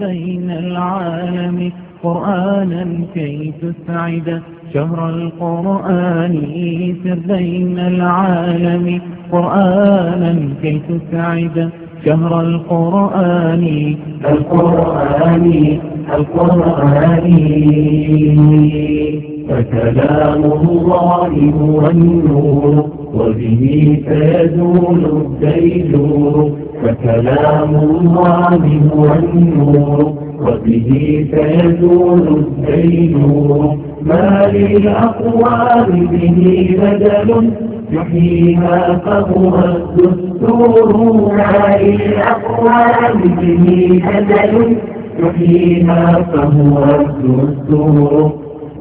بين العالم قرآنا كي تسعد شهر القرآن سر بين العالم قرآنا كي تسعد شهر القرآن القرآن القرآن فكلامه الله والنور النور وبه تزول الديجور فكلام الله هو النور وبه تزول الديجور ما للأقوال به بدل يحييها فهو الدستور ما للأقوال به بدل يحييها فهو الدستور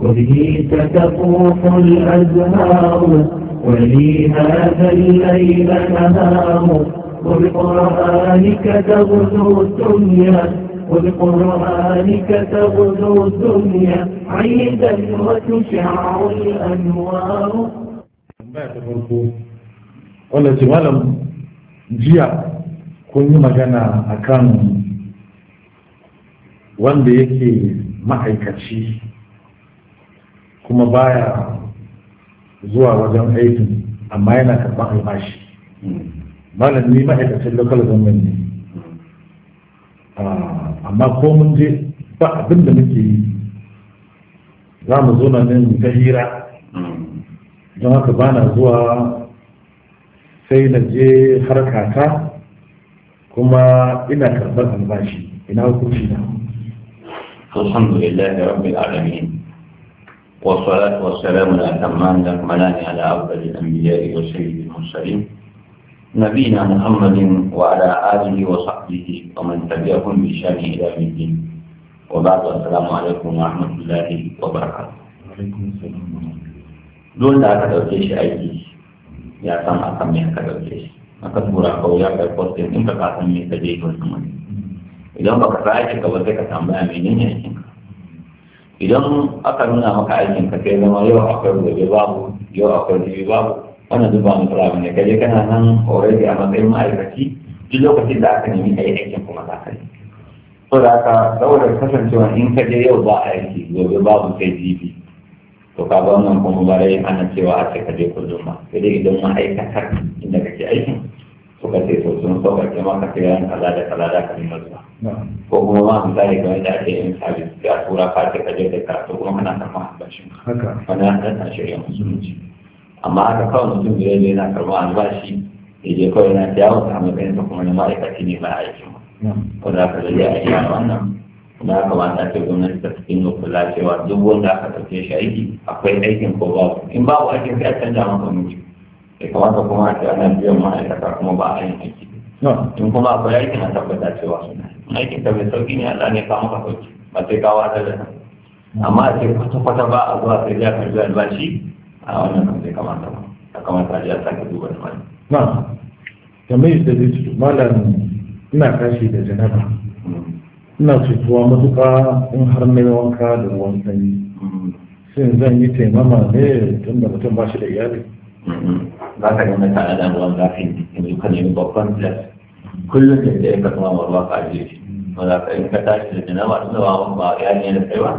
وبه تتفوح الأزهار ولي هذا الليل نهام وبقرآنك تغزو الدنيا وبقرآنك تغزو الدنيا عيدا وتشع الأنوار wanda ce malam jiya kun yi magana a kan wanda yake ma'aikaci kuma baya zuwa wajen aikin amma yana karɓar albashi malam ni ma'aikacin local government ne ah, amma ko mun je ba abin da muke yi za mu zo na ne mu ta hira don haka ba na zuwa sai na je harkata kuma ina karɓar albashi ina hukunci na alhamdulillah rabbi alamin والصلاة والسلام الأتمان لأكملان على أفضل الأنبياء وسيد المرسلين نبينا محمد وعلى آله وصحبه ومن تبعهم بشان إلى الدين وبعد السلام عليكم ورحمة الله وبركاته وعليكم السلام دون لا تدوكيش أيدي يا سام أكم يا الجيش أكد براكو يا كالبوستين إنت قاسم يتجيه والسمانين إذا بكرائك وزيك سامبا منين يشينك idan aka nuna maka aikin ka kai zama yau akwai gobe babu yau akwai jibi babu wannan duk ba mu matsala ne kaje kana nan already a matsayin ma'aikaci duk lokacin da aka nemi kai aikin kuma za ka yi so da aka saboda kasancewa in ka je yau ba aiki gobe babu sai jibi to ka ga wannan kuma ba dai ana cewa a ce ka je kullum ba sai dai idan ma'aikatar inda kake aikin suka ce to sun sauƙaƙe maka sai ran kaza da kaza da ka nuna zuwa ko kuma ma su tsari game da ake yin sabis da tura fata kaje da karatu kuma kana karɓar albashin haka wani an ɗan shirya musulunci amma haka kawai mutum da yanzu yana karɓar albashi ya je kawai yana yawon samun kansa kuma na ma'aikaci ne ba aikin ko da ka zai a iya wannan da kamata ce gwamnati ta cikin kula cewa duk wanda aka ɗauke shi aiki akwai aikin ko babu in babu aikin sai a canja maka mutum ya kamata kuma a ce ana biyan ma'aikata kuma ba a yin aiki tun kuma akwai aikin a tabbata cewa aikin da mai sauki ne Allah ne kawo maka sauki ba sai kawo ta da amma a ce kwata-kwata ba a zuwa sai ya karbi albashi a wannan kan zai kamata ba a kamata a sake duba da wani. na tambayar da zai fito malam ina kashi da janaba hmm. ina cutuwa matuƙa in har na wanka da ruwan sanyi hmm. shin zan yi taimama ne tun da mutum ba shi da iyali hmm, ba ka nuna tare da ruwan zafi yanzu ka nemi babban filas kullum da ya ka kuma ruwa ka ajiye shi ba za ka in ka tashi da jinama tun da ba ba ya ne da kai ba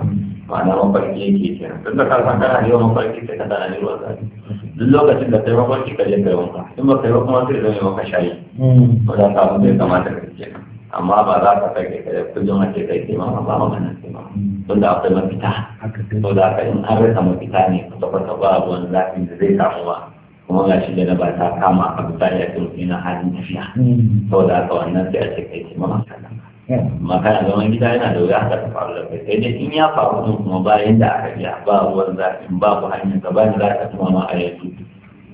ma'ana mafarki yake kenan tun da ka san kana yawan mafarki sai ka tana ne ruwan zafi duk lokacin da kai mafarki ka je kai wanka in ba kai ba kuma sai zai maka shayi ba hmm. za ka abin da ya kamata ka kenan amma ba za ka kai kai kullum a ce kai ke ma ba magana ke ma hmm. tun da akwai mafita to da ka in an rasa mafita ne kwata-kwata ba ruwan zafi da zai samu ba kuma ga shi da na ba ta kama a bisa ya kuma ina halin tafiya mm. saboda haka wannan sai a ce kai ce mama makana zaman gida yana da wuya haka ta faru da kai sai dai in ya faru din kuma bayan da aka biya ba ruwan zafin babu hanyar ka bayan za ka tuma ma a yanzu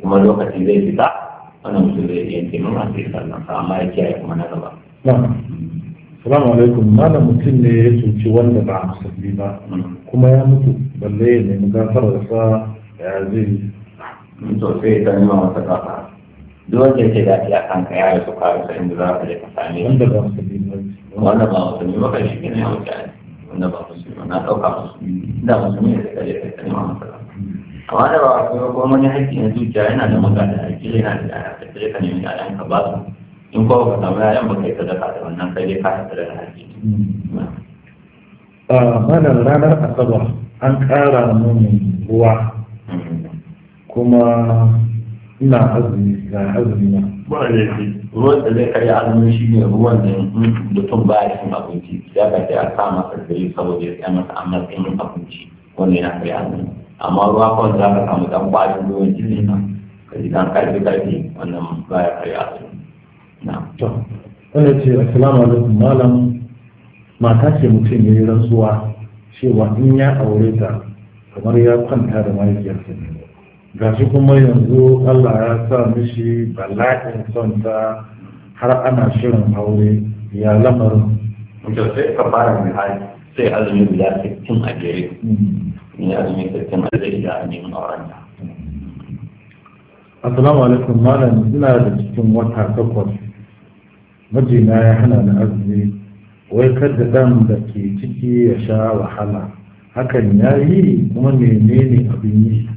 kuma lokaci zai fita wannan mutum zai iya yanke nuna sai sannan ka amma ya kiyaye kuma na gaba. Salamu alaikum malam mutum ne ya cuci wanda ba a musulmi ba mm. kuma ya mutu balle ya nemi gafararsa sa ya zai to sai ta nuna masa kafa duk wanda ce da ya san ka yaya su kawo sa inda za ka je ka same wanda ba musulmi wanda ba musulmi ba kan shi ne ya wuce wanda ba su musulmi na ɗauka su da musulmi ne da ka je ka same masa amma da ba a kuma ko wani haƙƙi na zuciya yana da magana da haƙƙi yana da yaya ka je ka nemi yayan ka ba su in ko ka samu yayan ba kai sadaka da wannan kai dai ka sadaka da haƙƙi a ah, ranar asabar an ƙara mun ruwa mm-hmm. kuma ina azumi ga azumi na ba ne shi ruwan da zai karya azumin shi ne ruwan da mutum ba ya cin abinci ya ga ya sa masa gari saboda ya tsaya masa a matsayin abinci wanda yana karya azumi amma ruwa kawai za ka samu dan kwalin ruwan jini na ka ji dan karfi karfi wannan ba ya karya azumi na to wanda ce assalamu alaikum malam mata ce mutum ya yi rantsuwa cewa in ya aure ta kamar ya kwanta da mahaifiyarsa ne ga shi kuma yanzu Allah ya sa mishi bala'in son ta har ana shirin aure ya lamarin. Mutum sai ka fara mai hali sai azumi guda sittin a jere. Ni azumi sittin a jere da a neman auren ta. Assalamu alaikum malam ina da cikin wata takwas. Mijina ya hana ni azumi wai kada dan da ke ciki ya sha wahala. Hakan ya yi kuma menene abin yi.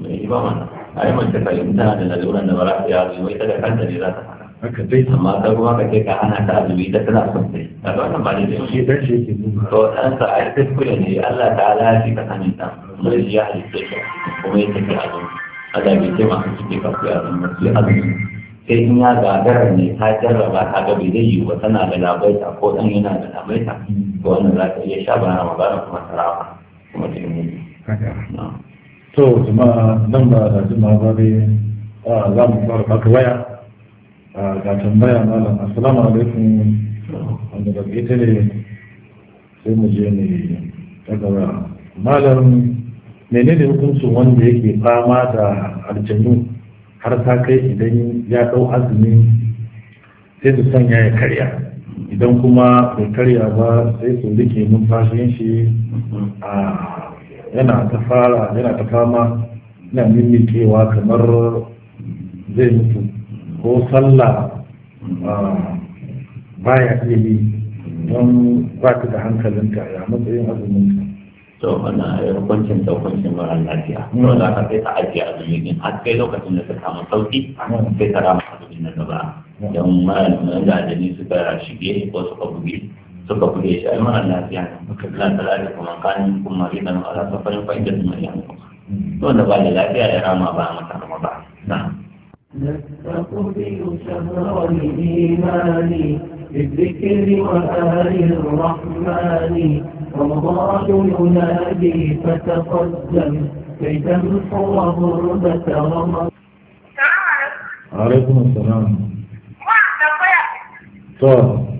mai ba mana ai mace ka in tana da laluran da ba za ta yi azumi ita da kanta ne za ta haka dai amma ta ruwa ka ce ka hana ta azumi ta tana son sai a ga wannan ba ne da shi dan shi ke nuna to dan sa ai kuskure ne Allah ta'ala ya fi ka sanin ta sai ya halitta shi kuma ya tafi A Allah bai ce ma kike ka ku azumi sai azumi sai in ya gagara ne ta jarraba ta ga bai zai yi wa tana da labaita ko dan yana da labaita to wannan za ta iya sha bana magana kuma tarawa kuma to jama'a nan ba da jama'a ba ne za mu fara maka waya ga tambaya malam assalamu alaikum wanda daga ita ne sai mu je ne malam menene hukuncin wanda yake fama da aljanu har ta kai idan ya dau azumi sai su sanya ya karya idan kuma bai karya ba sai su rike numfashin shi a yana ta fara yana ta fama yana mimikewa kamar zai mutu ko sallah baya iya yi don ba ta da hankalinta ya matsayin azuminta to wannan ya hukuncin da hukuncin mara lafiya hmm. to za ka sai ta ajiye azumin din har sai lokacin da ta kama sauki hmm. sai ta rama azumin na gaba hmm. don mara da ajiyar suka shige ko suka buge suka buge shi almarar lafiya ne muka bila ta lafiya kuma kanin kun maridan ala safarin fa'idar mai yanzu wanda ba da lafiya ya rama ba mata rama ba na نستقبل شهر الإيمان بالذكر وآل الرحمن رمضان ينادي فتقدم كي تمحو غربة رمضان عليكم السلام. طيب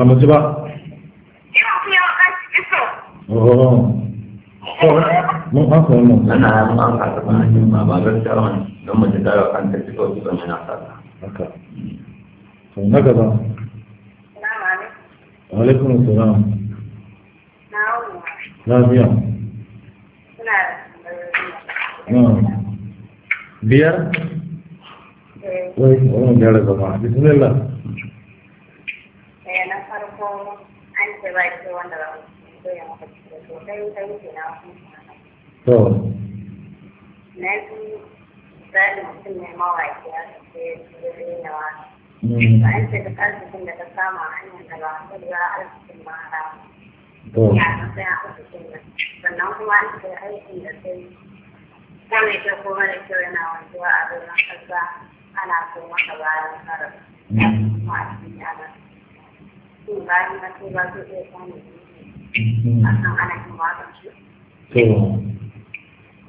ba mu ji ba mun haka wannan sana an haka ba ba don haka sau na gaba alaikun salam lafiya biyar wai wani biyar da zama bismillah ce ba to na kuma da kyau yana a ana so masa bayan karar. Mm-hmm.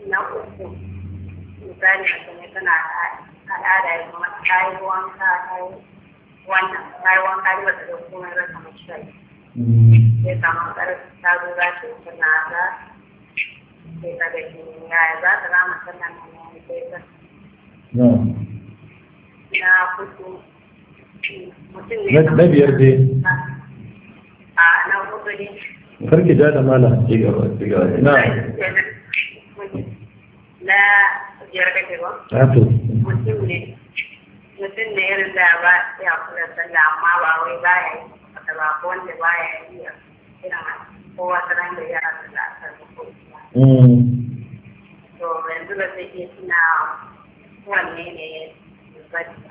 Na uku, misali mace tana wanka ta yi wannan yi da kuma ya kama ta zo za ta yi za ta na yi na biyar dai karki ja da na na biyar ba? mutum ne mutum ne da ba ya kula amma ba wai ba ya yi da ba ko wanda ba ya yi ko wata ran da da ko mm. to yanzu ba sai ke suna ne ya zai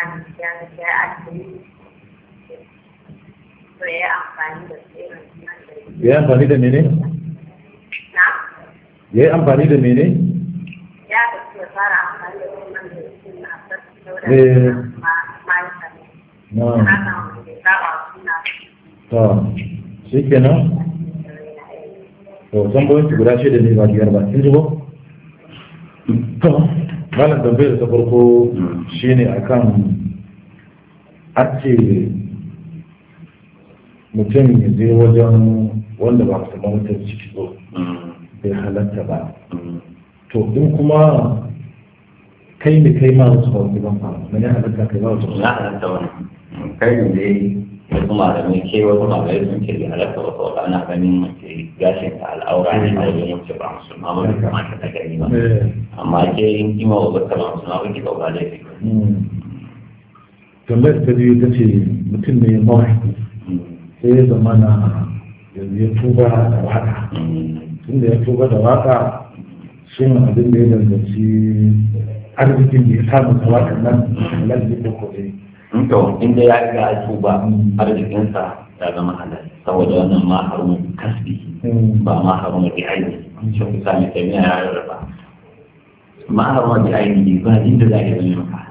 ya ya ajiye ya amfani da ya amfani da mene na ya amfani da mene ya da fara amfani da wannan da na ta shi kenan to tambayoyin guda shida ne ba biyar ba kin ji ba to malam tambayar ta farko hmm. shine akan a ce mutum ya je wajen wanda ba su mutum ciki ba mm. bai halatta ba mm. to in kuma kai ne kai ma wasu ba ban ba na ya halatta kai ba wasu ba na halatta wani kai ne dai wasu malamai ke wasu malamai sun ce bai halatta wasu wata ana ganin mace gashin ta al'aura ne a wajen wacce ba ma ba bai kamata ta gani ba eh. amma ke yin kima wa wata ba su ma ki ba ba mm. laifi tambayar ta biyu ta ce mutum ne mawaki sai ya zama na yanzu ya tuba da waka tun da ya tuba da waka shi ne abin da ya danganci arzikin da ya samu ta waka nan halal ne ko kore. to inda ya riga ya tuba arzikinsa ya zama halal saboda wannan ma harumin kasbi hmm. ba ma harumin bi'ayi shi kusa ne sai ya rarraba ma harumin bi'ayi ba inda za ka zama maka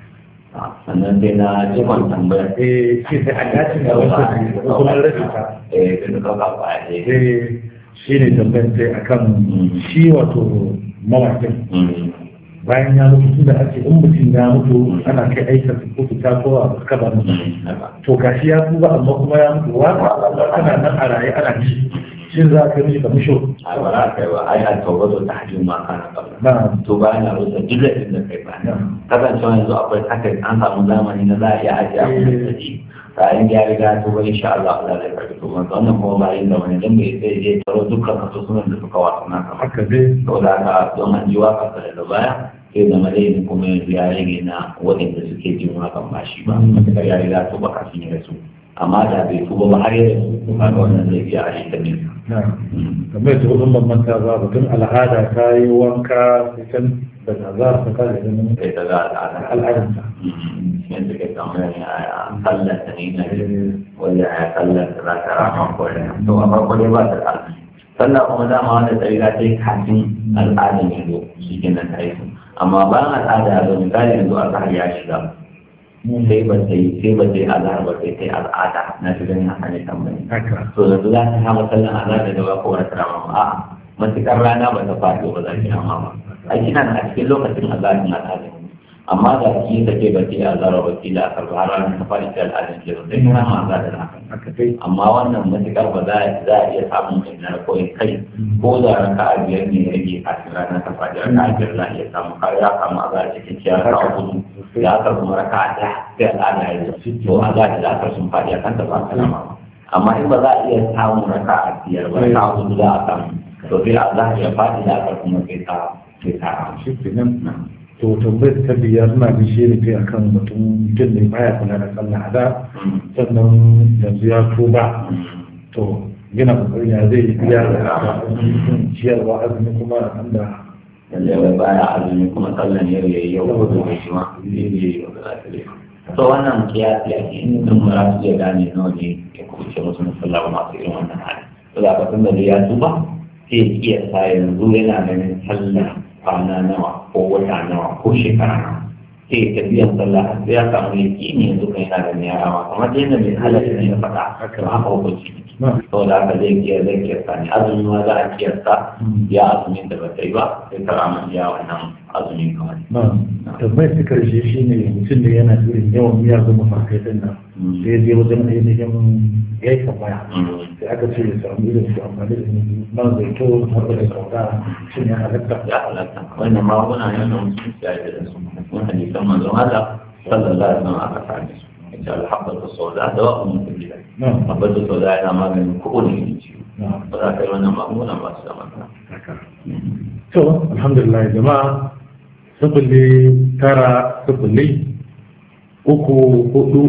sannan dai na jiman tambaya eh shi da hajjaci da wasu kuma eh, rashin ta eh da kaba ba eh shi ne tambayar sai akan mm. shi wato mawakin mm. bayan ya mutu tun da ake in mutum ya mutu mm. ana kai aika su ko fita ko a suka ba mutu to gashi ya tuba amma kuma ya mutu wa ana nan a raye ana ji shin za ka mishi ka misho ai ba za ka yi ba ai a tawbato ta hajji ma kana kabla to ba na rusa duk da kai ba kasancewa yanzu akwai takai an samu zamani na za a iya ajiya kuma da shi bayan ya riga to ba insha Allah Allah zai karbi to manzo wannan kuma bayan da wani dan bai sai je taro dukkan kaso sunan da suka wasu na kama haka dai to da ka don an ji waka sai da baya sai da malayin kuma ya rage na waɗanda suke jin wakan ba shi ba mm. ya riga to ba kafin ya rasu amma da bai tuba ba har yanzu ba wannan zai iya ashe da ne kamar yadda kullum ban manta ba tun al'ada ta yi wanka sai can da ta za ta kare da nan sai ta za ta al'ada ta yanzu kai yi a kallon ta ne na eh. wanda a kallon ta za ta rama kwarai to a farko dai ba ta al'ada Sannan kuma dama wanda ta yi ta yi kafin al'adar ne zo shi nan ta yi amma bayan al'ada ya zo yi yanzu a ya shiga sai ba ban sai ba ta yi azhar ba sai ta al'ada na shi ganin haka ne tambayi to yanzu za ta kama sallan azhar da gaba ko wani tarama ba a'a matukar rana ba ta faɗo ba za ki hama ba a kina a cikin lokacin azharin al'ada amma da ki da ke ke a zara ba ki da karba har ranar ta fara ta al'adun ke don kuma ma za da haka amma wannan matukar ba za a iya samun ina ko in kai ko da ka a biyar ne ya ke kafin ranar ta fara ranka a biyar za a iya samun har ya kama a za a cikin ciyar ka kudu ya ka kuma raka a da ta al'ada ya zo to a za da ka sun fara kan kanta ba kalama amma in ba za a iya samun raka a biyar ba ka kudu za a samu to sai a za a iya fadi da aka kuma ke ta ke ta shi kenan to tambayar ta biyar na bishe ne kai akan batun mutum ne baya kula da sallah da sannan yanzu ya tuba to yana kokarin ya zai iya ciyarwa azumi kuma da yanzu baya azumi kuma sallan yau yayi yau ko da shi ma zai yi to wannan kiyasi ake mutum mara su ya gane nawa ne ya kuce musu musalla ba masu irin wannan hali to da ka tun da ya tuba sai iya sa yanzu yana ganin sallah kwana nawa ko wata nawa ko shekara nawa sai tafiyan sallah sai ya samu yaki ne yanzu kai yana da niyarawa kamar dai na mai halatta ne ya faɗa haka haka hukunci to da haka zai zai kiyarsa ne azumi ma za a kiyarsa ya azumin da ba ta yi ba sai karama iya wannan azumin kawai. su karshe shi ne mutum da yana irin yawan miyagun mafarkai din nan hmm. sai wajen ainihin hmm. sai aka ce ya samu irin su amfani da man zaito har da kauta shi ne halatta. Ya halatta wannan maguna yana da su ne kan aka sami su. da yana maganin kowane ciwo. Ba za ka yi wannan magunguna To, alhamdulillah jama'a sufuli tara sufuli uku hudu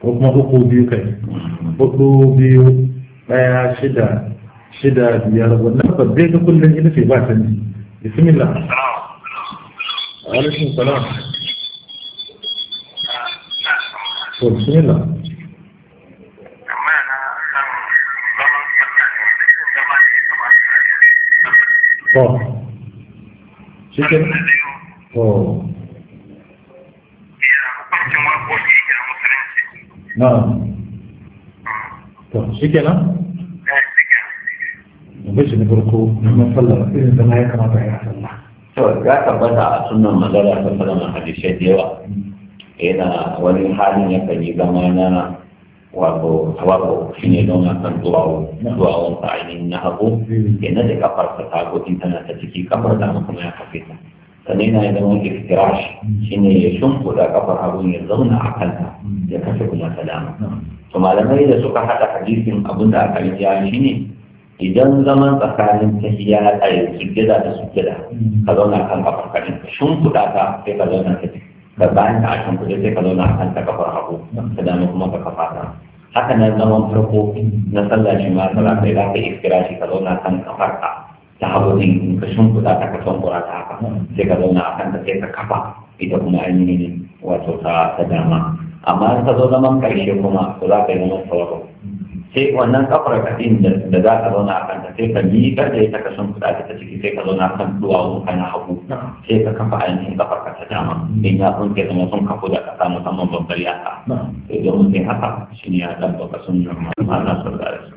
ko kuma uku biyu kai hudu biyu daya shida shida biyar wannan babbe kullum ina ce ba ta to hukuncin warkoki a musulunci na to eh, shi kenan farko na masallar irin zama ya kamata ya sallah to ya tabbata a sunan magana ta sallama hadisai da yawa yana wani halin ya kan yi zama na wato tawago shi ne don a san duwawo duwawon sa ainihin na hagu mm. yana da kafar ta gudun tana ta ciki kafar da kuma ya kafe ta sannan na da wani iftirash shine ya da kafar abun ya zauna a kanta ya kashe kuma ta dama to malamai da suka haɗa hadisin abun da aka yi ya shine idan zaman tsakanin tahiyya a gida da gida ka zauna kan kafar kanin ka shimfiɗa ta sai ka zauna ta ka bayan ka a shimfiɗa sai ka zauna a kan ta kafar abu ta dama kuma ka kafa ta haka nan zaman farko na sallah shi ma sallah sai za ka iftirashi ka zauna kan kafar ka ta abu ne ka shimfiɗa ta kasan kura ta haka sai ka zauna a kanta sai ka kafa ita kuma ainihin wato ta ta dama amma in ka zo zaman karshe kuma ko za ka yi zaman sauraro sai wannan kafar kaɗin da za ka zauna a kanta sai ka miƙar da ita ka shimfiɗa ta ta ciki sai ka zauna a kan duwawu kana hagu sai ka kafa ainihin kafar ka ta dama in ya sun ke zama sun kafu da ƙasa saman babbar yaka sai domin sai haka shi ne ya ɗan baka sun yi amma ana sauraro su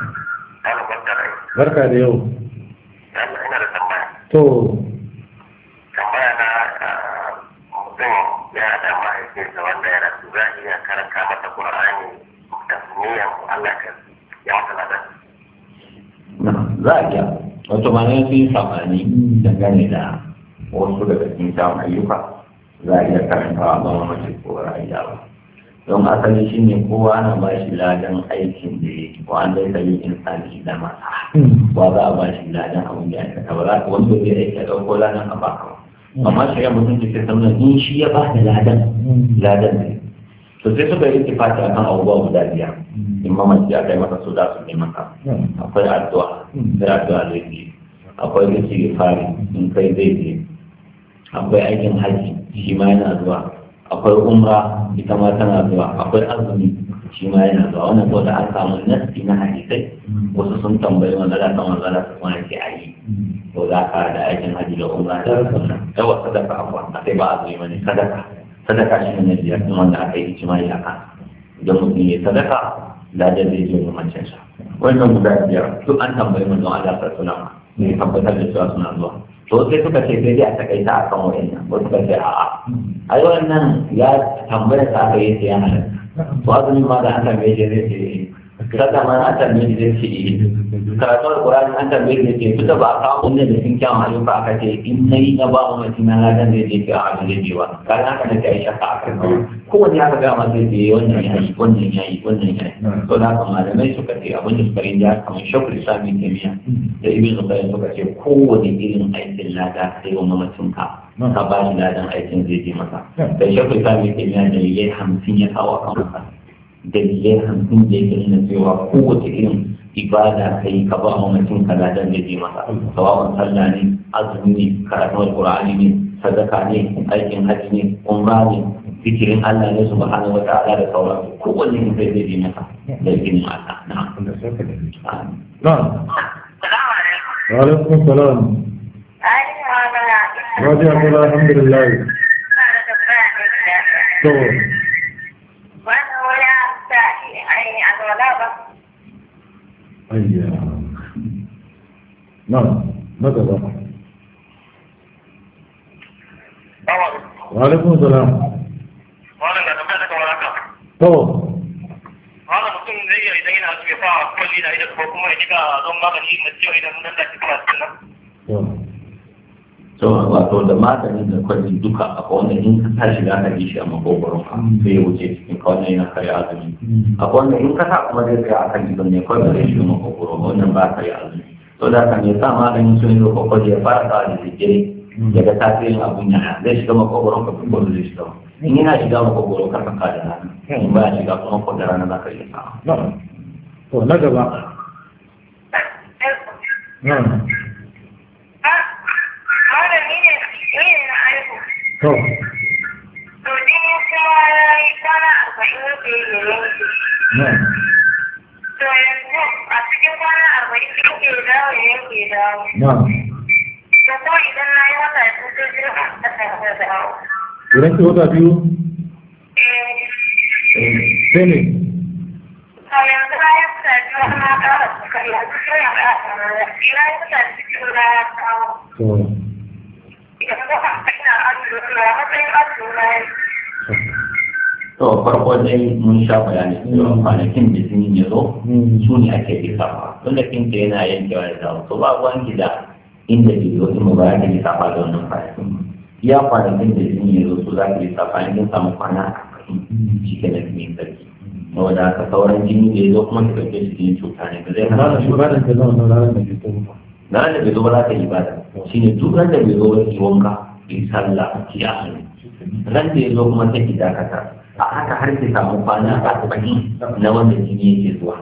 barka da yau ina da tambaya to tambaya na mutum ya da mahaifinsa wanda ya rasu za a iya karanta mata qur'ani da ko Allah ka ya masa ladan za a iya wato ma ne sun samani dangane da wasu daga cikin samun ayyuka za a iya karanta wa ba mace ko ra'ayi ba don asali shi ne kowa na ba shi ladan aikin da ya ke wa an zai sami insani da masa ba za a ba shi ladan abin da ya ka ba za ka wanda zai aiki a ɗauko ladan a baka ba amma shi ya mutum da sai samun in shi ya ba da ladan ladan ne to sai suka yi fata akan abubuwa guda biyar in mamaci aka yi masa su za su ne akwai addu'a sai addu'a zai je akwai fari in kai zai je akwai aikin hajji shi ma yana zuwa akwai umra ita ma tana zuwa akwai azumi shi ma yana zuwa wannan ko da an samu nasi na hadisai wasu sun tambayi wanda za ta manzana su kuma ke a yi ko za ka da aikin haji da umra da wannan yawa sadaka abuwa a sai ba azumi ba ne sadaka sadaka shi ne biyar kuma wanda aka yi jima'i a kan idan mutum ya sadaka ladan zai je ga mancin sa wannan guda biyar duk an tambayi manzon Allah sallallahu alaihi wasallam ne tabbatar da cewa suna zuwa to sai suka ce sai dai a takaita a kan wa'annan wasu suka ce a'a ai wannan ya tambaya sa aka yi sai ya halatta wasu ne ma da an tambaye shi zai ce saka ma ta tambaye da ce eh, karatu alqur'ani an tambaye da ce kusa ba a kawo wannan da sun kyawun halin ba aka ce in yi na ba mu mutum na ladan zai je ga abin da jewa kana haka da kai shaka ka kawo wani ya ga ma zai je eh, wannan ya yi wannan ya yi wannan ya yi. to da mai malamai suka ce abin da suka yi da kamar shakul islami kimiyya da ibn zubair suka ce ko wani irin aikin lada sai wa mutum ka ka ba shi ladan aikin zai je masa da shakul islami kimiyya da yayi hamsin ya kawo kan masa dalilai hamsin da yake nuna cewa kowace irin ibada ka yi ka ba wa mutum kaza dan da je masa sawa'un sallah ne azumi ne karatun alqur'ani ne sadaka ne aikin hajji ne umra ne zikirin Allah ne subhanahu wata'ala da sauran kowanne mutum zai je masa da izinin Allah na'am na'am wa alaikum salam Raja Allah alhamdulillah. To, ainihin alwala ba ayya na gaba wa alaikum salam wannan da kamar saka waraka to wannan mutum zai iya idan yana so ya sa kwalli na idan ko kuma ya diga zon magani mai ciwo idan mun da take fara saboda wato da maganin da kwalli duka a wannan in ka ta shiga ka yi shi a makogoron ka mm. sai ya wuce cikin ka yana karya azumi mm. a wannan in ka sa kuma zai kai akan idon ne kawai zai shi makogoro wannan ba karya azumi to da ka ne sa maganin sun yi kwakwali ya fara sa da zikiri daga mm. tasirin abun yana zai shiga makogoron ka kuma zai shiga in yana shiga makogoron ka ka da na in ba ya shiga kuma ko da rana za ka iya sa. to na gaba. to a cikin kwana arba'in dawo dawo. ko idan na yi wata biyu eh, sai a dawo. Idan biyu? ne. A yanzu na wata kan to farko dai mun sha bayani yawan kwanakin da jini ya zo su ne ake lissafa da kinka yana yankewa da zawo to ba ruwan gida inda ke zo mu ba ya lissafa da wannan kwanakin ya kwanakin da jini ya zo su za ka lissafa in kin samu kwana a kafin shi ke na jini sarki ma wanda aka sauran jini da ya zo kuma ka ɗauke shi jini cuta ne ba zai hana shi ba da ka zama na ranar da ke ba na da bai zo ba za ka yi ba da shi ne duk ran da bai zo wani wanka yi sallah ki a azumi ran da ya zo kuma ta ki dakata a haka har ki samu kwana a arba'in na wanda jini yake zuwa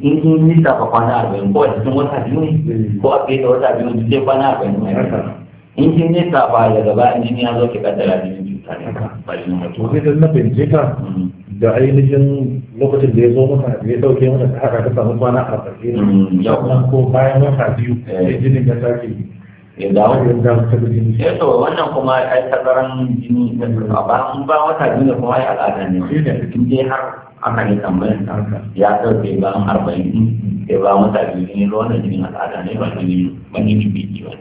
in kin yi safa kwana arba'in ko a cikin wata biyu ne ko a fiye da wata biyu ne sai kwana arba'in ne in kin yi safa ya gaba in jini ya zo ki kaddara jinin cuta ne ba jinin mutuwa. Ko sai na bincika da ainihin lokacin da ya zo masa ya dauke masa ta haka ta samu kwana a ƙarshe kuma mm, ko bayan wata biyu ya eh. jini ya sake ya dawo ya dawo ta jini ya eh, to wannan kuma ai tazaran jini da mm. su ba in ba wata biyu da kuma ai al'ada ne in dai har aka ne tambayar ya dauke ba an arba'in mm. ya ba wata biyu ne ruwan jini jinin al'ada ne ba jini ba jini biki ba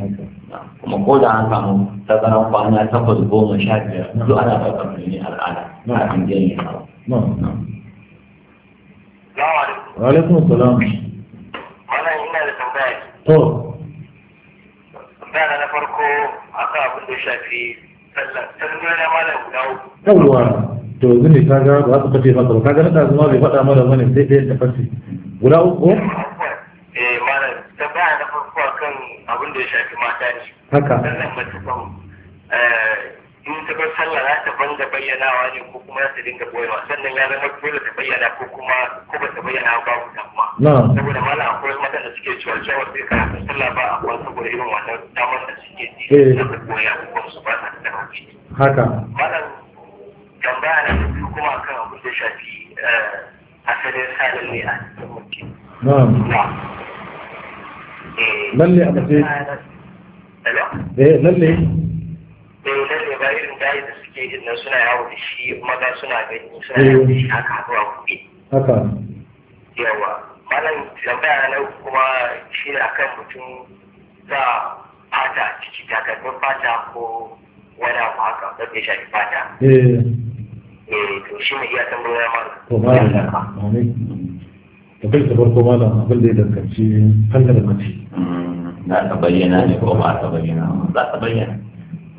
kuma ko da an samu tazaran kwana takwas goma sha biyar duk ana ɗaukar ne al'ada na abin da ya faru. Wa alaikum salam. Wannan ina da tambaya. To. Tambaya na farko akan abin da shafi sallah. Sallah na mana guda uku. Yawwa. To yanzu ne ka ga ba su kafe maka ba ka ga na zuma bai faɗa mana bane sai ɗaya ta fasi. Guda uku? Eh malam tambaya na akan abin da ya shafi mata ne haka sannan mace kan eh, in ta bar sallah za ta banga bayyanawa ne ko kuma za ta dinga boyewa sannan ya zama dole ta bayyana ko kuma ko ba ta bayyana ba ku tamma saboda mala akwai mata da suke cewa cewa sai ka haka sallah ba a kwan saboda irin wannan damar da suke ji Eh. Na ta boya ko kuma su ba ta da haka malam tambaya na biyu kuma akan abin da ya shafi eh, asalin salin ne a cikin mutum lalle a mace eh, lalle eh, lalle ba irin da suke suna yawo da shi maza suna gani suna eh. yawo da shi haka haka yawa malam na kuma shi ne akan mutum za fata ciki takardun fata ko wani abu haka da ke shafi fata to shi iya tambayar ma ba da bai ta farko ma abin da ya danganci fannin mace hmm, za ta bayyana ne ko ba ta bayyana za ta bayyana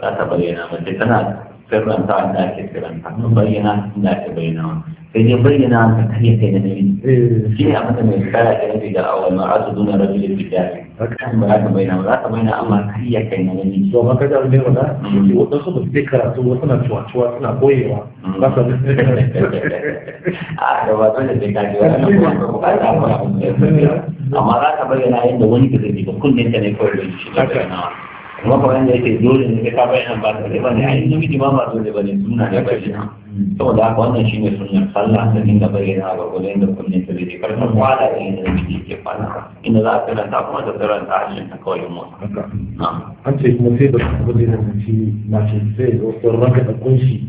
za ta bayyana mace tana sirranta wanda ake sirranta bayyana suna ta bayyana sai dai bayyana ta karya kai na nabi eh. shi ne abin da mai tsara da nabi da awal ma asu duna rabi da fi jari kan ba za ka bayyana ba ka bayyana amma karya kai na nabi to amma ka ga ne wala shi wadansu ba su je karatu wasu na cuwa-cuwa suna mm. ah, a da ka amma za ka bayyana yadda wani ka zai kunnen ka ne kawai da shi ka kuma kamar yadda yake dole ne ka bayan ba ta ba ne ai namiji ma ba dole ba ne suna ne ba shi saboda haka wannan shine sunnar sallah ta dinga bayyana ga gudu inda kullum ta zai karfa kwala da inda namiji yake kwana inda za ka karanta kuma da tsaron ta hanyar ta kawai mu an ce kuma sai da kuma zai na ce sai da wasu da kunshi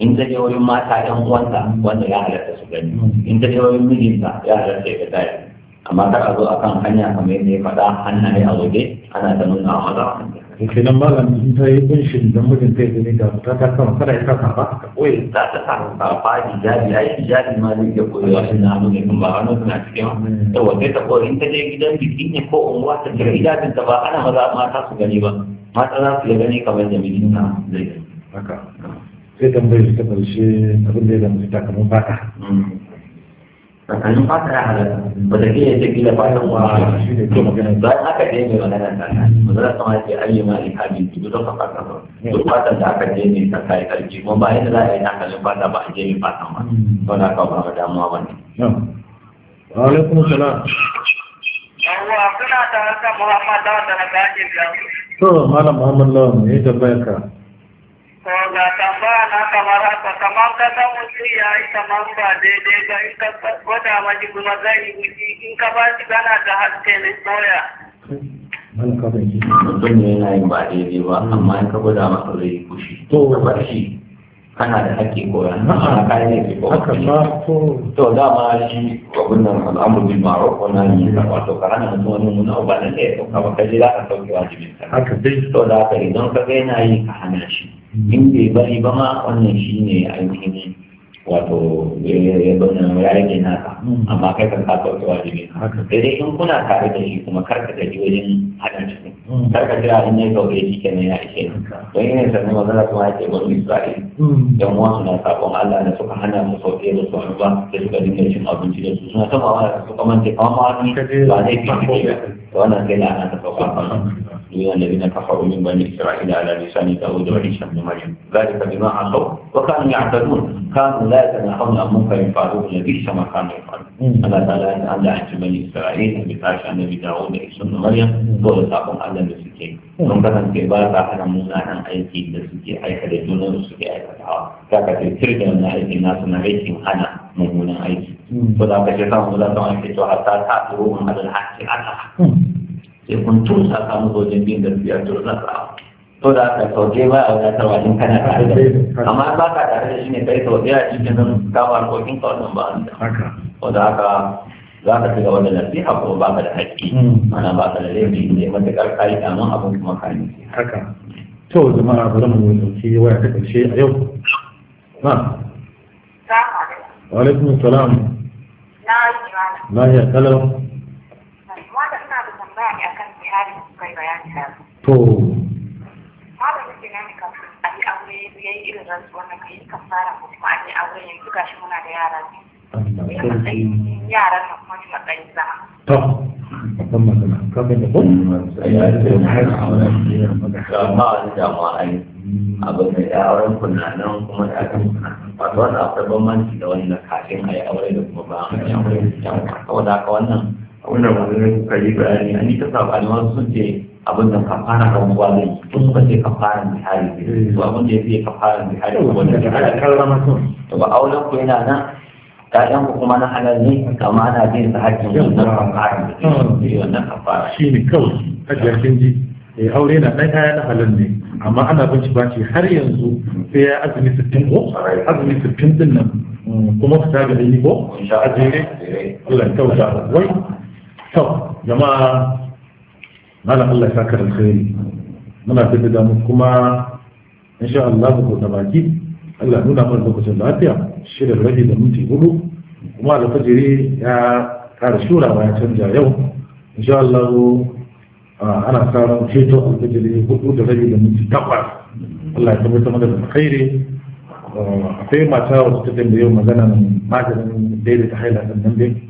in ta je wurin mata ɗan uwansa wanda ya halatta su gani in ta je wurin mijinta ya halatta ya gaya amma ka a zo a kan hanya kamar yadda ya faɗa hannaye a waje ana da nuna a maza kenan malam in ta yi kunshin da mijin ta yi da ta ta kama kada ya kasa ba ta koyi ta ta sa ba jari ya yi jari ma zai iya koyi wasu na nuna kan ba wani suna cikin da mm. wanda ta koyi in ta je gidan biki ne ko unguwa ta cire hijabin ta ba ana maza mata su gani ba mata za su gani kamar da mijin ta zai yi. sai tambayar su ta ƙarshe abin da ya damu takalmin fata. Mm. Takalmin fata ya halatta, ba ta kiyar ta kila fatan ba shi ne ke magana. Ba aka je ne magana ta ta, ba za ta ma ce ayyu ma ikami ki duk fata ba. Mm. Duk fatan da aka je ne ta ƙarfi, kuma ba yadda za a yi takalmin fata ba a je ne fatan ba. Mm. Ba na kawo ba damuwa ba ne. Wa alaikum salam. Yawwa suna tare da Muhammad Lawan da na gajin To Malam Muhammad Lawan me ya tambaya ka? ko ga tambaya kamar haka kamar ka san mutum ya yi kamar ba daidai ba in ka gwada maji kuma zai yi wuce in ka ba shi gana da haske ne soya. Mutum ne yana yin ba daidai ba hmm. amma in ka gwada masa zai yi kushi. To ka bar shi kana da haƙƙi koya na kayan yake ko haka ba to to dama shi abin nan al'amur bil ko wa nahy anil munkar to karana mutum wani mun ba na ya to ka ba kaji za ka sauke wajibin ka haka dai to da ka idan ka ga yana yi ka hana shi in bai bari ba ma wannan shi ne ainihin wato eh, ya bane ya rage naka amma kai kan ka kauce jini sai dai in kuna tare da shi kuma kar ka gaji wajen haɗin ciki kar ka jira in ya kauce shi kenan ya ishe ni don yin sannan magana kuma ya ce wani misali yan uwa suna sabon allah da suka hana mu sauke da su ba da suka dinga cin abinci da su suna sama wa suka manta kama ma wani ba zai fi shi ke wannan ta sauka من الذين كفروا من بني إسرائيل على لسان داود وعيسى بن مريم ذلك بما عصوا وكانوا يعتدون كانوا لا يتناهون عن منكر فعلوه الذي ما كانوا يفعلون الله تعالى أن أن عند بني إسرائيل بتاش أن النبي داود وعيسى بن مريم ورزقهم على نسكين ثم كان في بعض أحد منا أن أيكي نسكي أي حد دون نسكي أي فتحة كانت ترجع من أيكي ناس نعيكي أنا ممنا أيكي فلا كشفهم ولا تعرف حتى تأتوا من هذا الحق أنا sai kun tusa ka musu wajen bin gaskiya to za ka to da aka sauke ba a wadatar wajen kana tare da amma ba ka tare da shi ne kai sauke a cikin nan kama harkokin ka wannan ba an da to da aka za ka shiga wannan nasiha kuma ba ka da haƙƙi mana ba ka da laifi ne matuƙar kayi damun abin kuma ka ne haka to zama bari mu ɗauki waya ta ƙarshe a yau na wa alaikum salam na yi kalam tare su kai bayani da to da a yi aure ya yi irin rantsuwa na kai ka fara ko kuma an yi aure yanzu gashi muna da yara biyu yaran nan kuma shi matsayin zama to kan magana kan da ko ya ce har amma a da ma ai abin da ya auren nan kuma ya kan wato wannan akwai bambanci da wannan kafin a yi aure da kuma ba a yi aure da kuma wannan ba zai suka yi bayani an yi ta sabani wasu sun ce abin da kafara ga zai wani sun suka ce kafara da ne eh. to abin da ya fiye da bihari ko wanda ya hada karrama sun to ba auren ku yana nan ƴaƴan ku kuma na halal ne kama ana bin da hakkin su na kafaran bihari ah. wannan kafara shi ne kawai hajjar kin ji eh, aure na ɗan kaya na halal ne amma ana bin shi baci har yanzu sai ya azumi sittin ko azumi sittin din nan mm, kuma fita ga ɗani ko a jere Allah ya kauta wai to jama'a malam Allah ya saka alkhairi muna tafi da mu kuma insha Allah ku da baki Allah nuna mana lokacin lafiya shirin rabi da minti hudu kuma alfajiri ya kara ba ya canja yau insha Allah ana samun ceto alfajiri hudu da rabi da minti takwas Allah ya tabbatar mana da alkhairi akwai mata wata ta tambaye magana maganin daidaita haila nan dai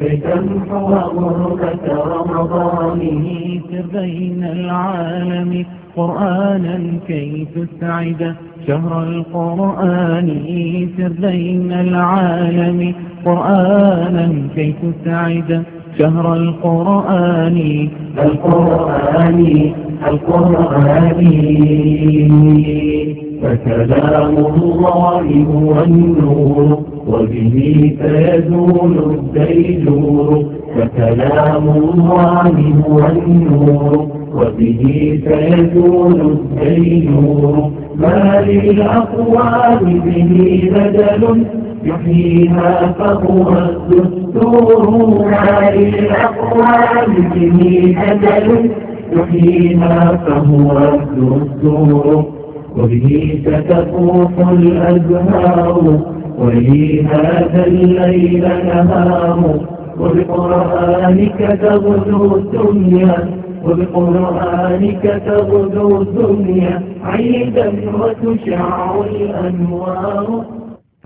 بين العالم قرآنا كي تسعد شهر القرآن سر بين العالم قرآنا كي تسعد شهر القرآن القرآن القرآن فكلام الله هو النور وبه فيزول الديجور فكلام الله هو النور وبه فيزول الديجور ما للأقوال به بدل يحييها فهو الدستور ما للأقوال به بدل يحييها فهو الدستور وبه تفوح الأزهار ولي هذا الليل نهار وبقرآنك تغدو الدنيا وبقرآنك تغدو الدنيا عيدا وتشع الأنوار